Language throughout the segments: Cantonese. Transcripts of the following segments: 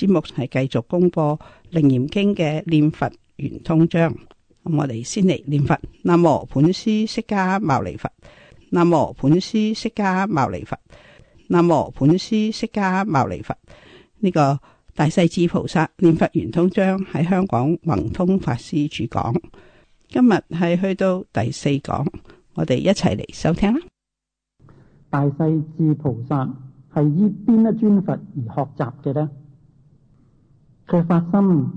節目係繼續公播《楞嚴經》嘅《念佛圓通章》，咁我哋先嚟念佛。南無本師釋迦牟尼佛，南無本師釋迦牟尼佛，南無本師釋迦牟尼佛。呢、這個大勢至菩薩《念佛圓通章》喺香港宏通法師主講，今日係去到第四講，我哋一齊嚟收聽啦。大勢至菩薩係依邊一尊佛而學習嘅呢？佢發心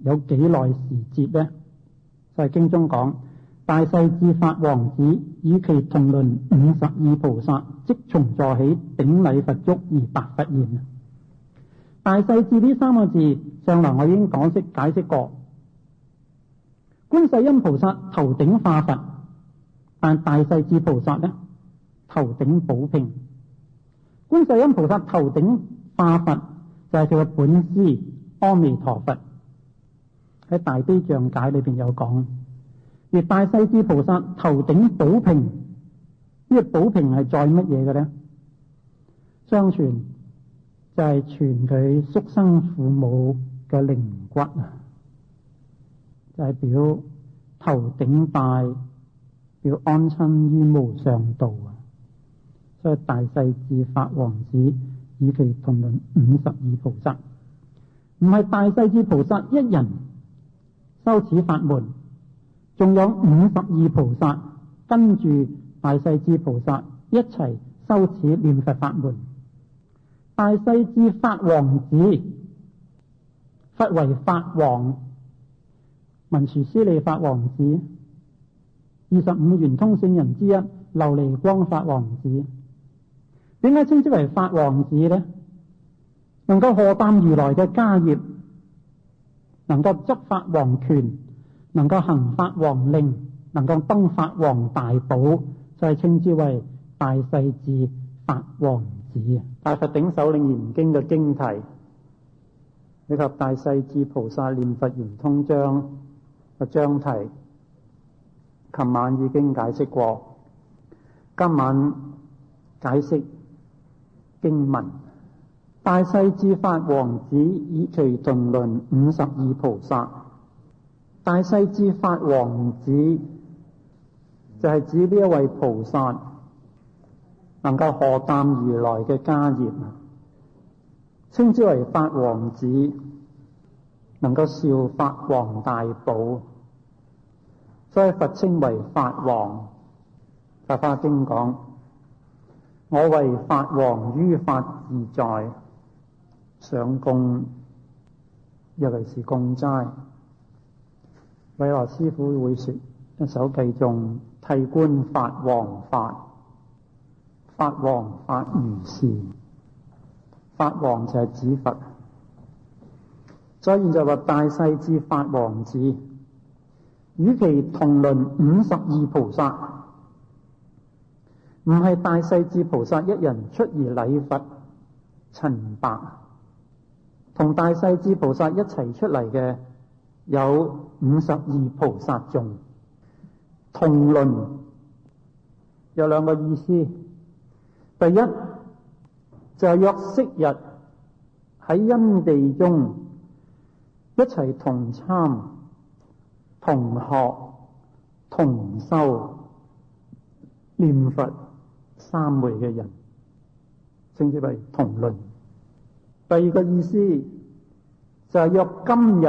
有幾耐時節咧？就係經中講大勢至法王子與其同倫五十二菩薩，即從座起頂禮佛足而白佛言：啊，大勢至呢三個字上嚟，我已經講識解釋過。觀世音菩薩頭頂化佛，但大勢至菩薩咧頭頂寶瓶。觀世音菩薩頭頂化佛就係佢嘅本師。阿彌陀佛喺大悲像解裏邊有講，而大勢至菩薩頭頂寶瓶，這個、寶呢個寶瓶係載乜嘢嘅咧？相傳就係傳佢宿生父母嘅靈骨啊，就係表頭頂戴，表安親於無上道啊。所以大勢至法王子，與其同倫五十二菩薩。唔係大勢至菩薩一人修此法門，仲有五十二菩薩跟住大勢至菩薩一齊修此念佛法門。大勢至法王子，佛為法王，文殊師利法王子，二十五圓通聖人之一，琉璃光法王子。點解稱之為法王子咧？能夠荷擔如來嘅家業，能夠執法王權，能夠行法王令，能夠登法王大寶，就係稱之為大世至法王子。大佛頂首楞嚴經嘅經題，以及大世至菩薩念佛圓通章嘅章題，琴晚已經解釋過，今晚解釋經文。大勢至法王子與其同倫五十二菩薩，大勢至法王子就係、是、指呢一位菩薩，能夠荷擔如來嘅家業，稱之為法王子，能夠紹法王大寶，所以佛稱為法王。《法華經》講：我為法王，於法自在。上供尤其是供齋，維那師傅會說：一首偈中諦觀法王法，法王法如是，法王就係指佛。再然在話大勢至法王子，與其同倫五十二菩薩，唔係大勢至菩薩一人出而禮佛陳白。陳同大勢至菩薩一齊出嚟嘅有五十二菩薩眾，同倫有兩個意思，第一就係約昔日喺因地中一齊同參、同學、同修、念佛三昧嘅人，稱之為同倫。第二個意思就係、是、若今日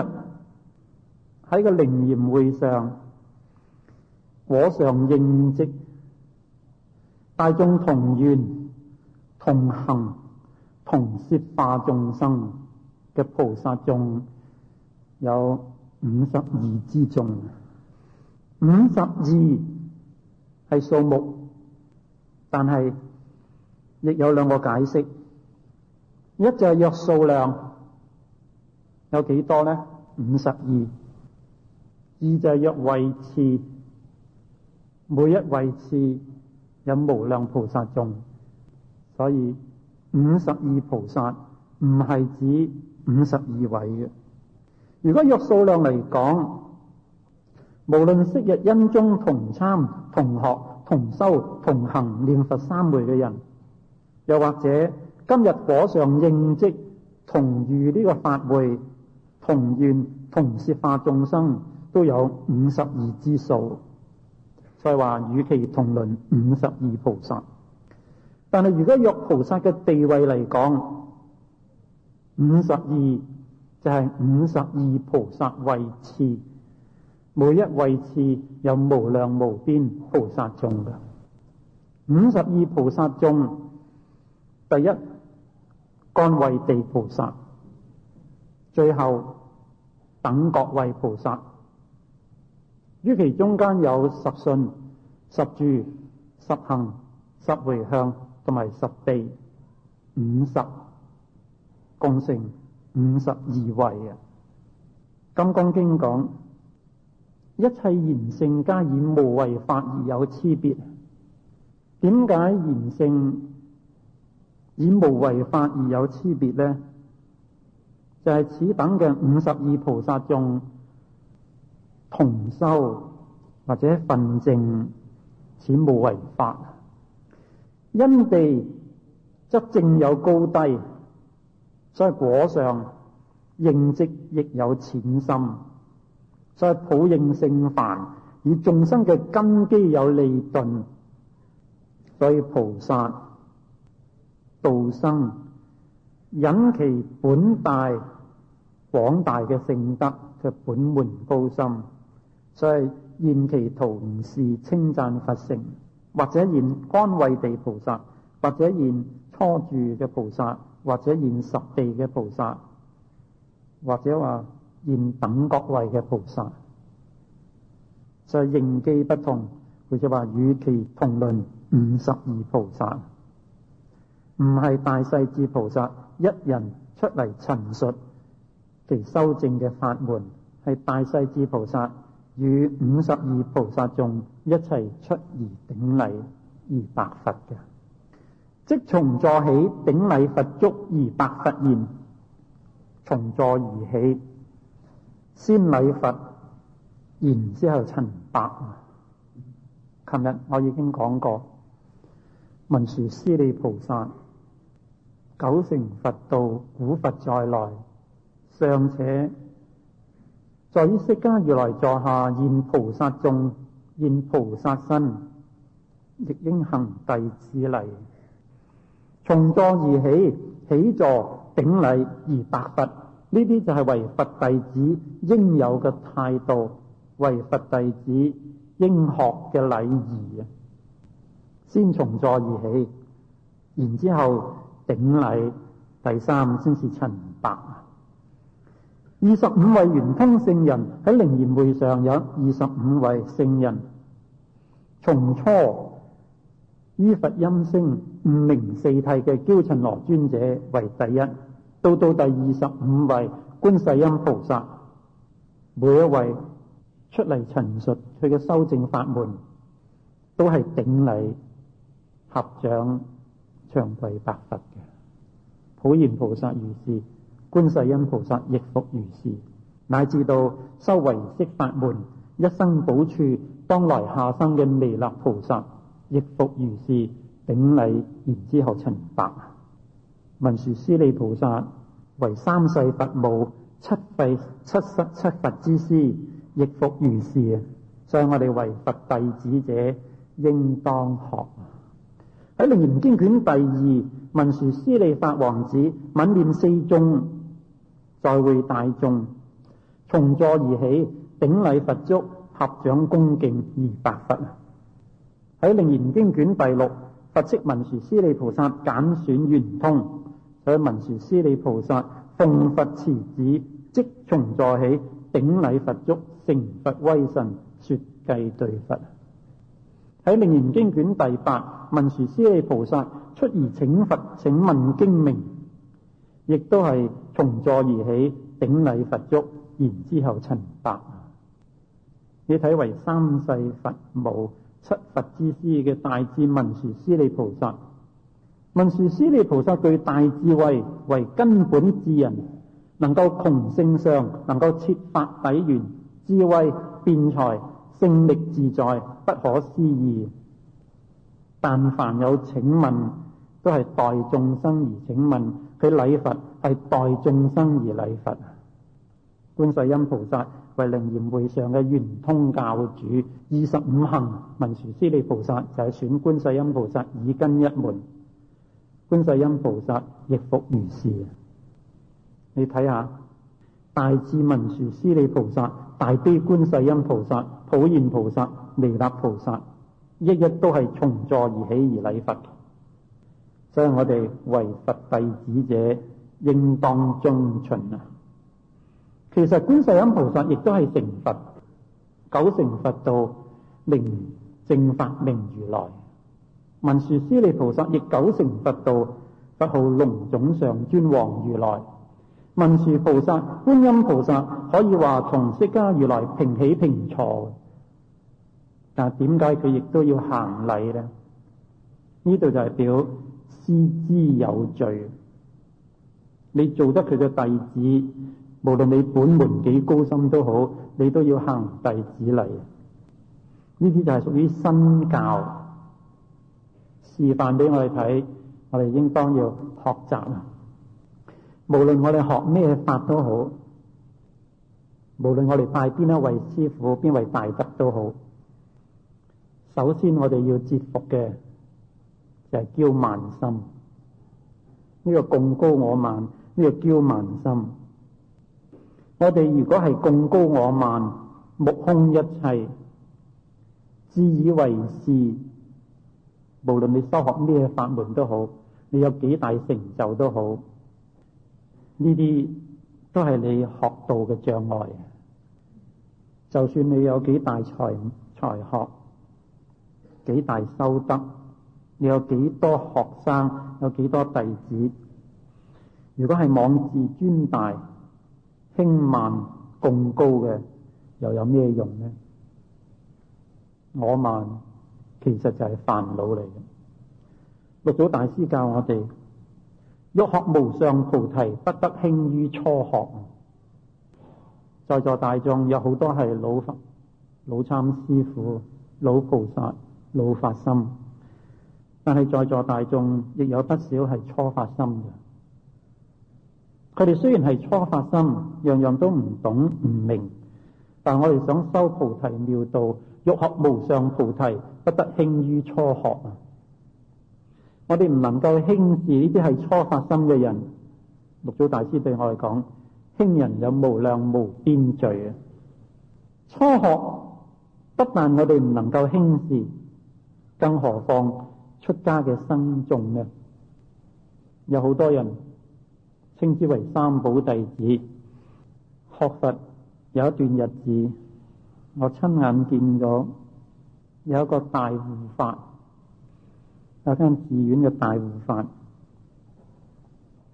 喺個靈驗會上，果上應迹，大眾同願、同行、同攝化眾生嘅菩薩眾有五十二之眾。五十二係數目，但係亦有兩個解釋。一就係約數量有幾多咧？五十二。二就係約位次，每一位次有無量菩薩眾，所以五十二菩薩唔係指五十二位嘅。如果約數量嚟講，無論昔日因中同參、同學、同修、同行、念佛三昧嘅人，又或者，今日果上應積同遇呢個法會，同願同説法眾生都有五十二之數，所以話與其同論五十二菩薩。但係如果若菩薩嘅地位嚟講，五十二就係五十二菩薩位次，每一位次有無量無邊菩薩眾嘅五十二菩薩眾，第一。乾慧地菩薩，最後等覺位菩薩，於其中間有十信、十住、十行、十回向，同埋十地，五十共成五十二位啊！金剛經講，一切賢聖皆以無為法而有差別。點解賢聖？以無為法而有差別呢就係、是、此等嘅五十二菩薩眾同修或者分證，此無為法。因地則正有高低，所以果上認直，亦有淺深，所以普應聖凡，以眾生嘅根基有利鈍，所以菩薩。道生引其本大廣大嘅性德嘅本門高深，所以現其同事稱讚佛性，或者現乾慧地菩薩，或者現初住嘅菩薩，或者現十地嘅菩薩，或者話現等覺位嘅菩薩，所以應機不同，佢就話與其同論五十二菩薩。唔係大勢至菩薩一人出嚟陳述其修證嘅法門，係大勢至菩薩與五十二菩薩眾一齊出而頂禮而白佛嘅。即從座起頂禮佛足而白佛言：從座而起，先禮佛，然之後陳白。琴日我已經講過，文殊師利菩薩。九成佛道，古佛再來，尚且在於釋迦如來座下現菩薩眾、現菩薩身，亦應行弟子禮，從座而起，起座頂禮而白佛。呢啲就係為佛弟子應有嘅態度，為佛弟子應學嘅禮儀啊！先從座而起，然之後。頂禮第三，先是陳白。二十五位圓通聖人喺靈驗會上有二十五位聖人，從初依佛音聲五明四諦嘅嬌陳羅尊者為第一，到到第二十五位觀世音菩薩，每一位出嚟陳述佢嘅修正法門，都係頂禮合掌長，長跪白佛。普賢菩薩如是，觀世音菩薩亦復如是，乃至到修為釋法門、一生補處、當來下生嘅彌勒菩薩亦復如是，頂禮然之後陳白文殊師利菩薩為三世佛母，七世七身七佛之師，亦復如是啊！所以我哋為佛弟子者，應當學喺《楞嚴經》卷第二。文殊師利法王子，敏念四眾，在會大眾，從座而起，頂禮佛足，合掌恭敬而白佛。喺《楞嚴經》卷第六，佛敕文殊師利菩薩揀選圓通，所以文殊師利菩薩奉佛慈旨，即從座起，頂禮佛足，承佛威神，說偈對佛。喺《楞嚴經》卷第八，文殊師利菩薩。出而請佛，請問經名，亦都係從座而起，頂禮佛足，然之後陳白。你睇，為三世佛母、七佛之師嘅大智文殊師利菩薩，文殊師利菩薩具大智慧，為根本智人，能夠窮性相，能夠徹法底源，智慧辯才，勝力自在，不可思議。但凡有請問。都係代眾生而請問，佢禮佛係代眾生而禮佛。觀世音菩薩為楞嚴會上嘅圓通教主，二十五行文殊師利菩薩就係、是、選觀世音菩薩耳根一門，觀世音菩薩亦復如是。你睇下大智文殊師利菩薩、大悲觀世音菩薩、普賢菩薩、彌勒菩薩，一一都係從座而起而禮佛。所以我哋為佛弟子者，應當遵循啊！其實觀世音菩薩亦都係成佛，久成佛道，名正法名如來法明如來。文殊師利菩薩亦久成佛道，佛號龍種上尊王如來。文殊菩薩、觀音菩薩可以話同釋迦如來平起平坐，但點解佢亦都要行禮咧？呢度就係表。知之有罪，你做得佢嘅弟子，無論你本門幾高深都好，你都要行弟子禮。呢啲就係屬於身教示範俾我哋睇，我哋應當要學習。無論我哋學咩法都好，無論我哋拜邊一位師傅、邊位大德都好，首先我哋要折服嘅，就係驕慢心，呢個貢高我慢，呢個驕慢心。我哋如果係貢高我慢，目空一切，自以為是，無論你修學咩法門都好,你有幾大成就都好，呢啲都係你學道嘅障礙。就算你有幾大才才學，幾大修德，你有幾多學生？有幾多弟子？如果係妄自尊大、輕慢共高嘅，又有咩用呢？我慢其實就係煩惱嚟嘅。六祖大師教我哋：欲學無上菩提，不得輕於初學。在座大眾有好多係老佛、老參師父、老菩薩、老法心。但係在座大眾亦有不少係初發心嘅，佢哋雖然係初發心，樣樣都唔懂唔明，但我哋想修菩提妙道，欲學無上菩提，不得輕於初學啊！我哋唔能夠輕視呢啲係初發心嘅人。六祖大師對我哋講：輕人有無量無邊罪啊！初學不但我哋唔能夠輕視，更何況。出家嘅僧眾咧,有好多人稱之為三寶弟子，學佛有一段日子，我親眼見咗有一個大護法,有間寺院嘅大護法，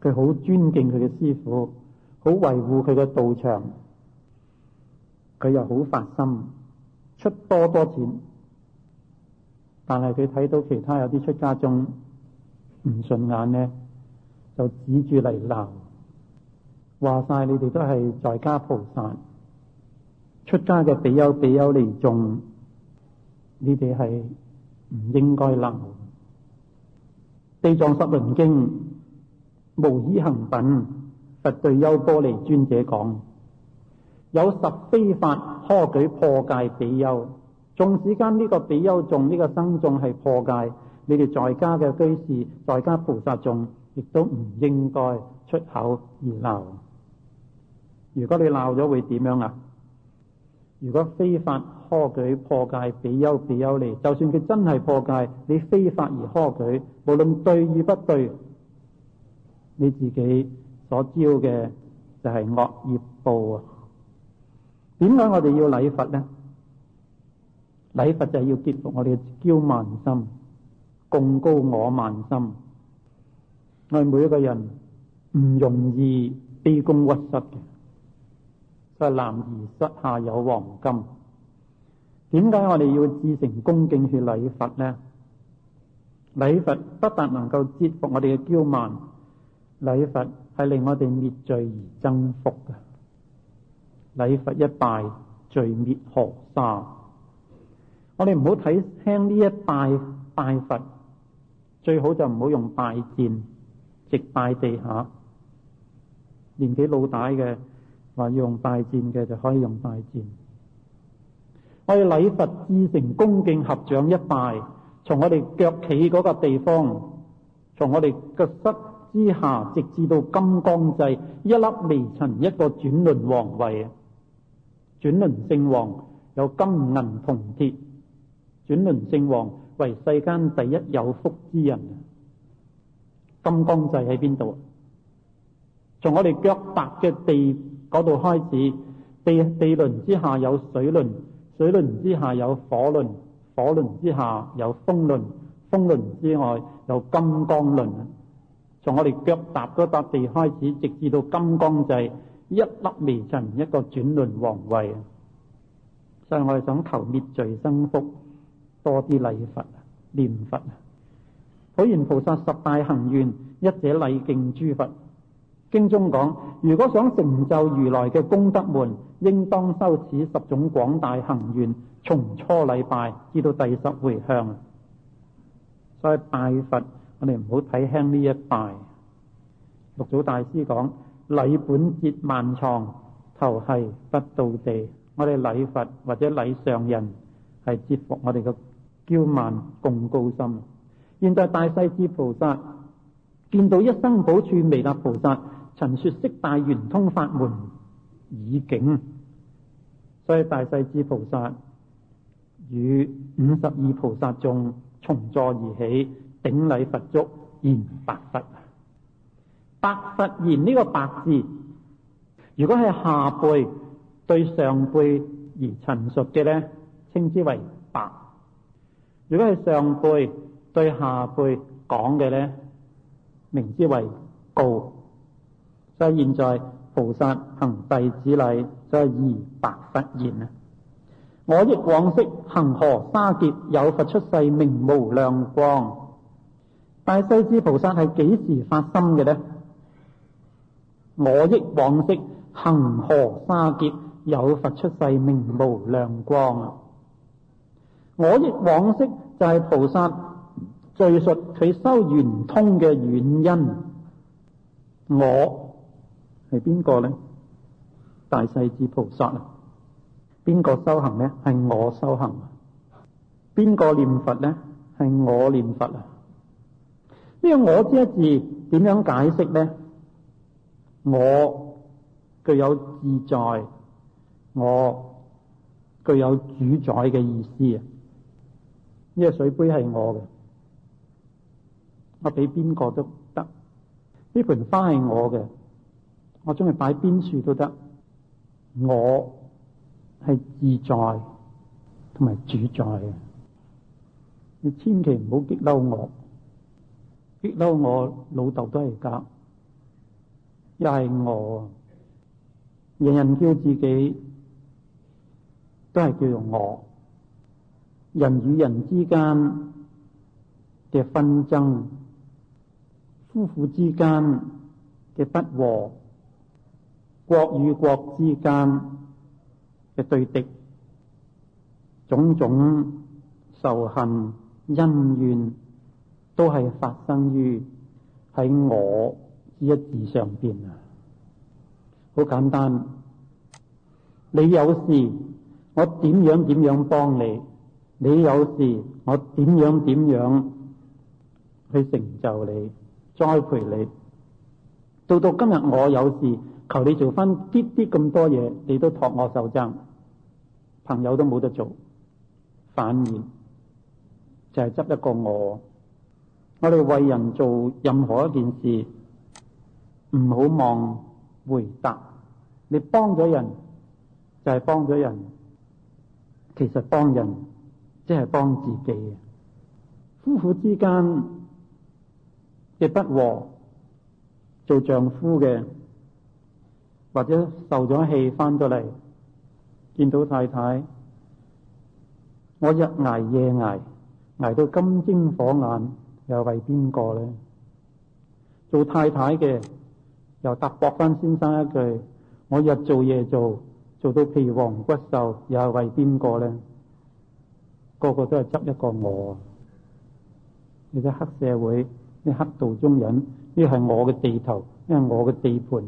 佢好尊敬佢嘅師父，好維護佢嘅道場，佢又好發心，出多多錢。但係佢睇到其他有啲出家眾唔順眼咧，就指住嚟鬧，話晒你哋都係在家菩薩，出家嘅比丘比丘尼眾，你哋係唔應該鬧。地藏十輪經無依行品，佛對優波離尊者講：有十非法，可舉破戒比丘。縱使間呢個比丘眾呢個僧，眾係破戒，你哋在家嘅居士，在家菩薩眾亦都唔應該出口而鬧。如果你鬧咗會點樣啊？如果非法苛舉破戒，比丘比丘尼就算佢真係破戒，你非法而苛舉，無論對與不對，你自己所招嘅就係惡業報啊！點解我哋要禮佛呢？禮佛就係要折服我哋嘅驕慢心、貢高我慢心。我哋每一個人唔容易卑躬屈膝嘅，所以男兒膝下有黃金。點解我哋要至誠恭敬去禮佛呢？禮佛不但能夠折服我哋嘅驕慢，禮佛係令我哋滅罪而增福嘅。禮佛一拜，罪滅河沙。我哋唔好睇輕呢一拜拜佛，最好就唔好用拜箭，直拜地下。年紀老大嘅話，要用拜箭嘅就可以用拜箭。我哋禮佛至誠恭敬合掌一拜，從我哋腳企嗰個地方，從我哋腳膝之下，直至到金剛際一粒微塵，一個轉輪王位。轉輪聖王有金銀銅鐵。鐵轉輪聖王為世間第一有福之人。金剛際喺邊度？從我哋腳踏嘅地嗰度開始，地地輪之下有水輪，水輪之下有火輪，火輪之下有風輪，風輪之外有金剛輪。從我哋腳踏嗰笪地開始，直至到金剛際，一粒微塵一個轉輪王位。所以我哋想求滅罪生福。多啲禮佛念佛啊！普賢菩薩十大行願，一者禮敬諸佛。經中講，如果想成就如來嘅功德門，應當修此十種廣大行願，從初禮拜至到第十回向。所以拜佛，我哋唔好睇輕呢一拜。六祖大師講：禮本折慢幢，頭係不到地。我哋禮佛或者禮上人，係折服我哋嘅。叫萬共高深。現在大勢至菩薩見到一生補處彌勒菩薩陳説識大圓通法門已境，所以大勢至菩薩與五十二菩薩眾從座而起，頂禮佛足，言白佛。白佛言：呢個白字，如果係下輩對上輩而陳述嘅呢，稱之為白。如果係上輩對下輩講嘅咧，名之為告。所以現在菩薩行弟子禮，就係二白佛言啊！我憶往昔恆河沙劫，有佛出世，名無量光。大勢至菩薩係幾時發生嘅呢？我憶往昔恆河沙劫，有佛出世亮，名無量光啊！我亦往昔就係菩薩敘述佢修圓通嘅原因。我係邊個咧？大勢至菩薩啊！邊個修行咧？係我修行。邊個念佛咧？係我念佛啊！呢、這個我呢一字點樣解釋咧？我具有自在，我具有主宰嘅意思啊！呢個水杯係我嘅，我俾邊個都得。呢盆花係我嘅，我中意擺邊樹都得。我係自在同埋主宰嘅，你千祈唔好激嬲我，激嬲我老豆都係㗎，又係我，人人叫自己都係叫做我。人與人之間嘅紛爭，夫婦之間嘅不和，國與國之間嘅對敵，種種仇恨恩怨，都係發生於喺我之一字上邊啊！好簡單，你有事，我點樣點樣幫你。你有事，我點樣點樣去成就你、栽培你，到到今日我有事，求你做翻啲啲咁多嘢，你都托我受責，朋友都冇得做，反而就係執一個我。我哋為人做任何一件事，唔好忘回答，你幫咗人就係幫咗人，其實幫人。即係幫自己嘅，夫婦之間嘅不和，做丈夫嘅或者受咗氣翻咗嚟，見到太太，我日挨夜挨，挨到金睛火眼，又係為邊個咧？做太太嘅又答駁翻先生一句，我日做夜做，做到皮黃骨瘦，又係為邊個咧？個個都係執一個我，你睇黑社會你黑道中人，呢係我嘅地頭，因為我嘅地盤。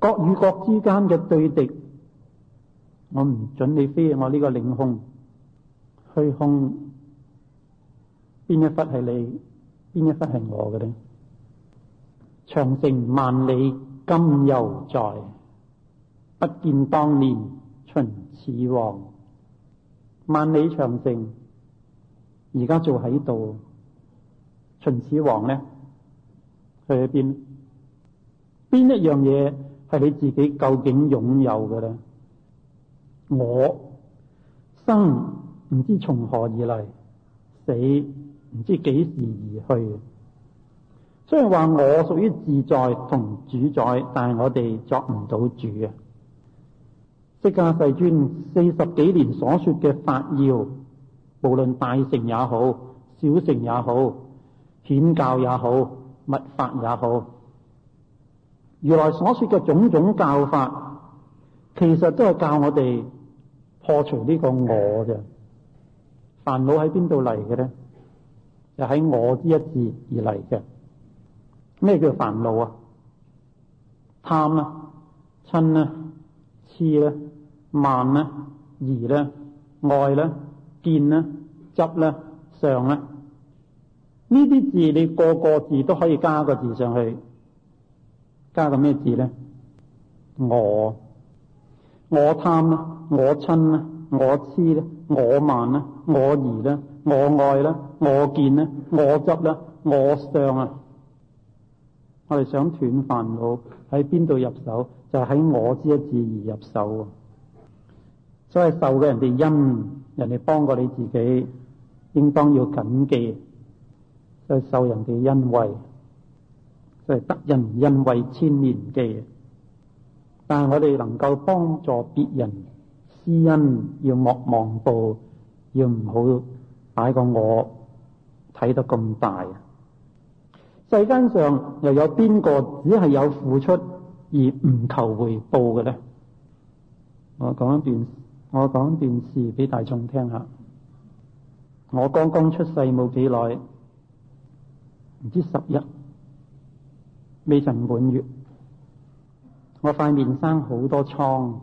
國與國之間嘅對敵，我唔准你飛入我呢個領空，虛空，邊一忽係你，邊一忽係我嘅呢？長城萬里今猶在，不見當年秦始皇。萬里長城而家做喺度，秦始皇咧去咗邊？邊一樣嘢係你自己究竟擁有嘅咧？我生唔知從何而嚟，死唔知幾時而去。雖然話我屬於自在同主宰，但係我哋作唔到主啊！釋迦世尊四十幾年所說嘅法要，無論大乘也好，小乘也好，顯教也好，密法也好，原來所說嘅種種教法，其實都係教我哋破除呢個我嘅煩惱。喺邊度嚟嘅咧？就喺我之一字而嚟嘅。咩叫煩惱啊？貪啊？嗔啊？痴啦。慢咧、啊，疑咧、啊，愛咧、啊，見咧、啊，執咧、啊，上咧、啊，呢啲字你個個字都可以加個字上去，加個咩字咧？我我貪啦，我親啦、啊，我痴咧、啊，我慢啦、啊，我疑咧、啊啊，我愛咧、啊，我見咧、啊，我執咧、啊啊，我上啊！我哋想斷煩惱，喺邊度入手？就喺、是、我之一字而入手。所以受嘅人哋恩，人哋幫過你自己，應當要謹記。所以受人哋恩惠，所以得人恩惠千年記。但係我哋能夠幫助別人施恩，要莫忘報，要唔好擺個我睇得咁大。世間上又有邊個只係有付出而唔求回報嘅咧？我講一段。我講段事俾大眾聽下。我剛剛出世冇幾耐，唔知十日，未曾滿月。我塊面生好多瘡，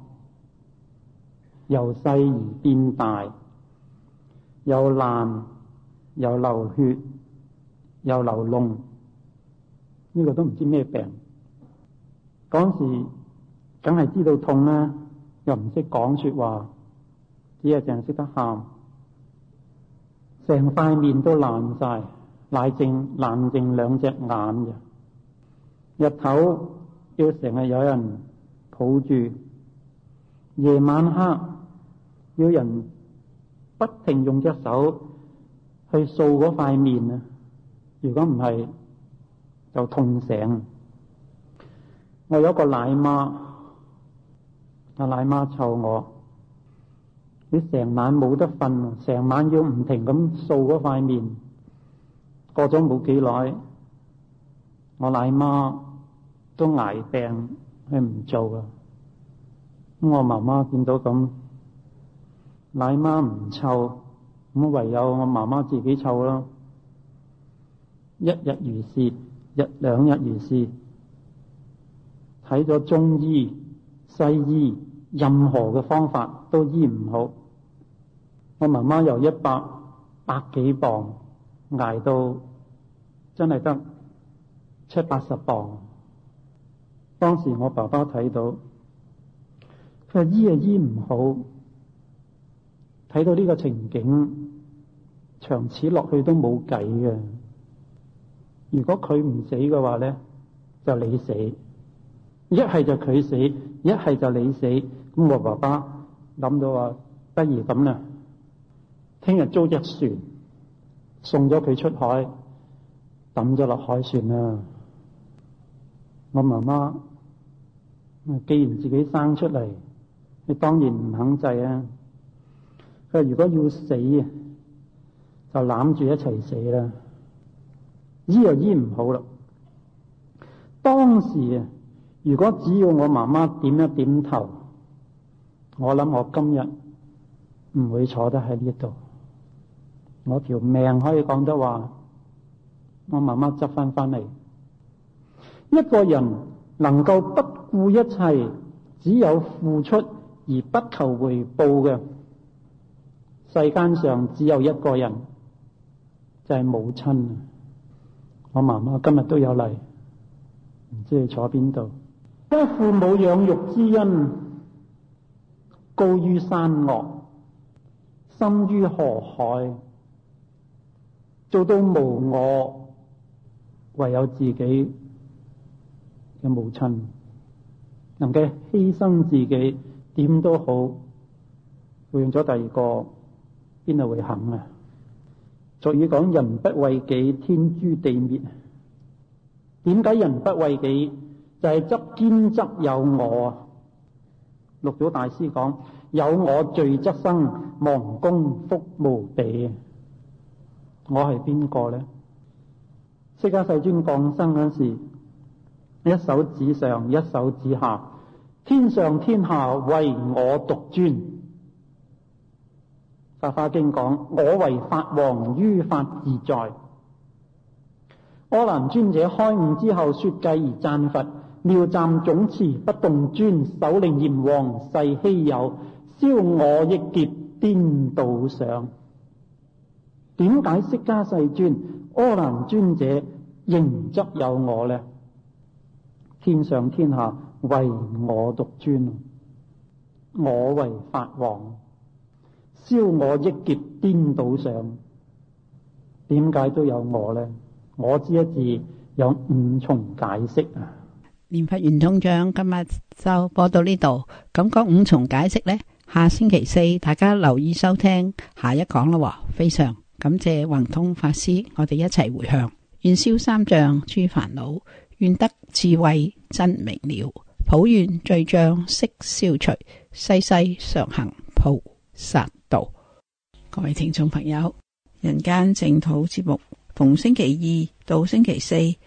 由細而變大，又爛又流血又流膿，呢個都唔知咩病。嗰時梗係知道痛啦，又唔識講說話。只係淨識得喊，成塊面都爛晒，賴淨爛淨兩隻眼嘅。日頭要成日有人抱住，夜晚黑要人不停用隻手去掃嗰塊面啊！如果唔係就痛醒。我有個奶媽，阿奶媽湊我。你成晚冇得瞓，成晚要唔停咁掃嗰塊面。過咗冇幾耐，我奶媽都挨病，佢唔做啊。咁我媽媽見到咁，奶媽唔湊，咁唯有我媽媽自己湊囉。一日如是，一兩日如是，睇咗中醫、西醫。任何嘅方法都醫唔好，我媽媽由一百百幾磅捱到真係得七八十磅。當時我爸爸睇到，佢話醫啊醫唔好，睇到呢個情景，長此落去都冇計嘅。如果佢唔死嘅話咧，就你死；一係就佢死，一係就你死。咁我爸爸諗到話，不如咁啦，聽日租隻船送咗佢出海，抌咗落海船啦。我媽媽既然自己生出嚟，你當然唔肯制啊。佢話如果要死，就攬住一齊死啦。醫又醫唔好啦。當時啊，如果只要我媽媽點一點頭。我諗我今日唔會坐得喺呢度，我條命可以講得話，我媽媽執翻翻嚟。一個人能夠不顧一切，只有付出而不求回報嘅，世間上只有一個人，就係母親啊。我媽媽今日都有嚟，唔知你坐邊度？多父母養育之恩。高於山岳，深於河海，做到無我，唯有自己嘅母親，能嘅犧牲自己，點都好。換咗第二個，邊度會肯啊？俗語講：人不為己，天誅地滅。點解人不為己？就係執堅執有我啊！六祖大師講：有我罪則生，亡功福無比。我係邊個呢？釋迦世尊降生嗰時，一手指上，一手指下，天上天下為我獨尊。《法華經》講：我為法王，於法自在。柯南尊者開悟之後，說偈而讚佛。妙湛總持不動尊，首楞嚴王世稀有，銷我億劫顛倒想。點解釋迦世尊，阿難尊者仍則有我呢？天上天下唯我獨尊，我為法王，銷我億劫顛倒想。點解都有我呢？我字一字有五重解釋啊！念佛圓通章今日就播到呢度，咁講五重解釋呢，下星期四大家留意收聽下一講啦。非常感謝宏通法師，我哋一齊回向，願消三障諸煩惱，願得智慧真明了，普願罪障悉消除，世世常行菩薩道。各位聽眾朋友，人間淨土節目逢星期二到星期四。